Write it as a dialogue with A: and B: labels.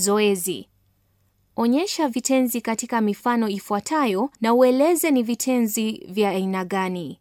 A: Zoezi: onyesha vitenzi katika mifano ifuatayo na ueleze ni vitenzi vya aina gani.